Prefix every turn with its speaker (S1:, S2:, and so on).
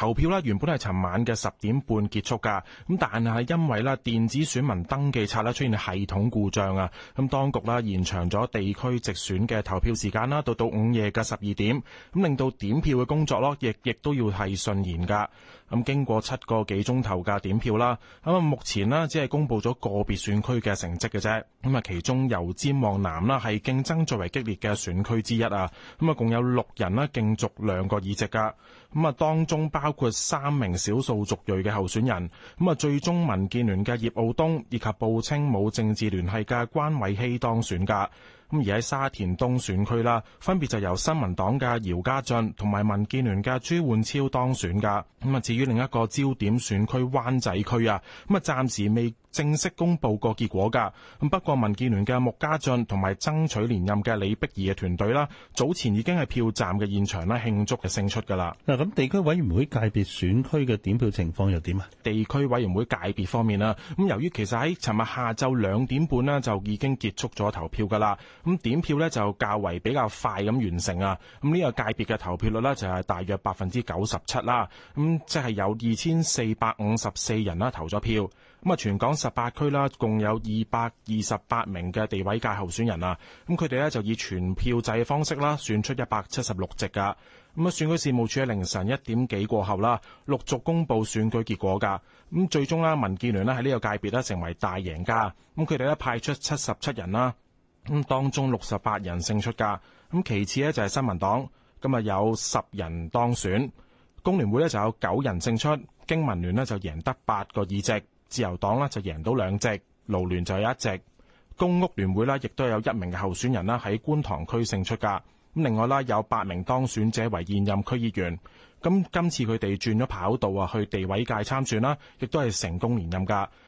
S1: 投票咧原本係尋晚嘅十點半結束噶，咁但係因為咧電子選民登記冊咧出現系統故障啊，咁當局啦延長咗地區直選嘅投票時間啦，到到午夜嘅十二點，咁令到點票嘅工作咯，亦亦都要係順延噶。咁經過七個幾鐘頭嘅點票啦，咁啊目前啦只係公布咗個別選區嘅成績嘅啫，咁啊其中油尖旺南啦係競爭最為激烈嘅選區之一啊，咁啊共有六人啦競逐兩個議席噶，咁啊當中包。包括三名少數族裔嘅候選人，咁啊，最終民建聯嘅葉傲冬以及報稱冇政治聯繫嘅關煒曦當選噶。咁而喺沙田東選區啦，分別就由新民黨嘅姚嘉俊同埋民建聯嘅朱煥釗當選噶。咁啊，至於另一個焦點選區灣仔區啊，咁啊，暫時未正式公布過結果噶。咁不過民建聯嘅穆家俊同埋爭取連任嘅李碧儀嘅團隊啦，早前已經係票站嘅現場啦慶祝嘅勝出噶啦。嗱，咁地區委員會界別選區嘅點票情況又點啊？地區委員會界別方面啦，咁由於其實喺尋日下晝兩點半咧就已經結束咗投票噶啦。咁點票咧就較為比較快咁完成啊。咁呢個界別嘅投票率呢，就係大約百分之九十七啦。咁即係有二千四百五十四人啦投咗票。咁啊，全港十八區啦，共有二百二十八名嘅地區界候選人啊。咁佢哋咧就以全票制嘅方式啦選出一百七十六席㗎。咁啊，選舉事務處喺凌晨一點幾過後啦，陸續公佈選舉結果㗎。咁最終啦，民建聯呢喺呢個界別咧成為大贏家。咁佢哋咧派出七十七人啦。咁當中六十八人勝出㗎，咁其次咧就係新民黨，今日有十人當選，工聯會咧就有九人勝出，經民聯呢就贏得八個議席，自由黨呢就贏到兩席，勞聯就有一席，公屋聯會咧亦都有一名嘅候選人啦喺觀塘區勝出㗎，咁另外啦有八名當選者為現任區議員，咁今次佢哋轉咗跑道啊去地委界參選啦，亦都係成功連任㗎。